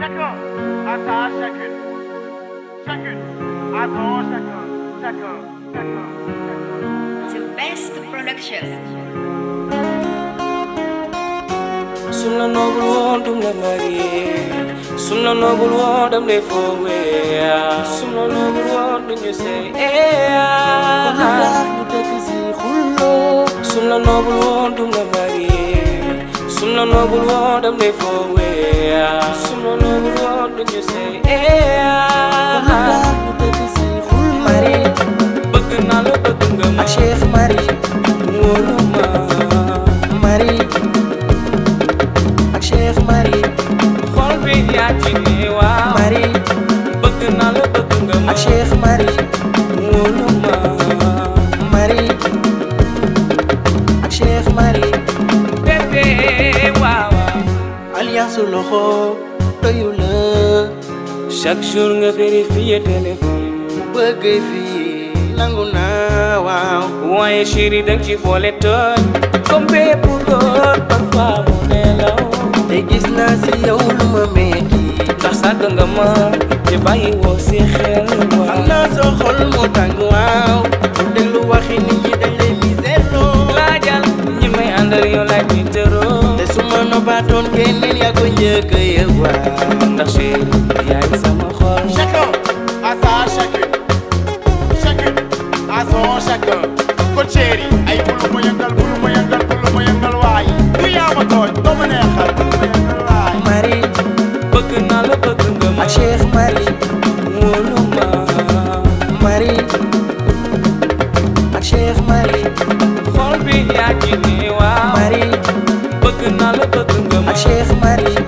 Chacun à sa chacune. Chacune à son chacun. Chacun, chacun, chacun. The best production. Sunna nobul won dum le mari Sunna nobul won dum le fowe Sunna nobul won dum you say eh Sunna nobul won dum le mari Sunna nobul won dum le fowe lu ñu sey Marie eh. bëgg naa la bëgg nga ma ak Cheikh Marie wóolu ma Marie ak Cheikh Marie xol bi yaa ci ne waa Marie bëgg naa la bëgg nga ma ak Cheikh Marie wóolu ma Marie ak Cheikh Marie bébé waaw alliance loxo doyu la chaque jour nga vérifier téléphone bu bëggee fii nangu naa waaw waaye chéri dang ci boole tooñ comme bépp góor parfois mu nelaw te gis naa si yow lu ma metti tax sàgg nga ma te bàyyi woo si xel waaw am naa mu tàng waaw déglu waxi nit ñi dañ lay misero laajal ñi may àndal yow laaj mi tëroo te su ma nobaatoon kenn njëkk a yeewaat ndax chéri yaa ngi sama xol. chacun à sa chacune chacune à son chacun kon chéri ay bulu ma yëngal bulu ma yëngal bulu ma yëngal waay ku yaa ma tooñ doo ma neexal bulu ma yëngal waay. Marie bëgg naa la bëgg nga ma. ak Cheikh Marie wóolu ma. Marie ak Cheikh Marie. xol bi yaa ngi nii waaw. Marie bëgg naa la bëgg nga ma. ak Cheikh Marie.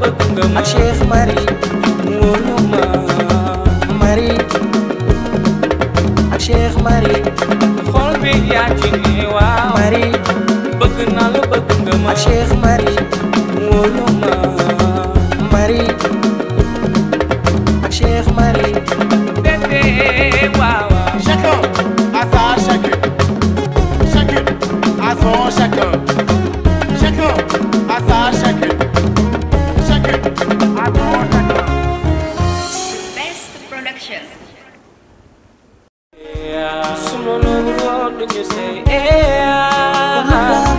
bëgg nga ma ak Cheikh Mari wóolu ma Mari ak Cheikh Mari Production. Yeah,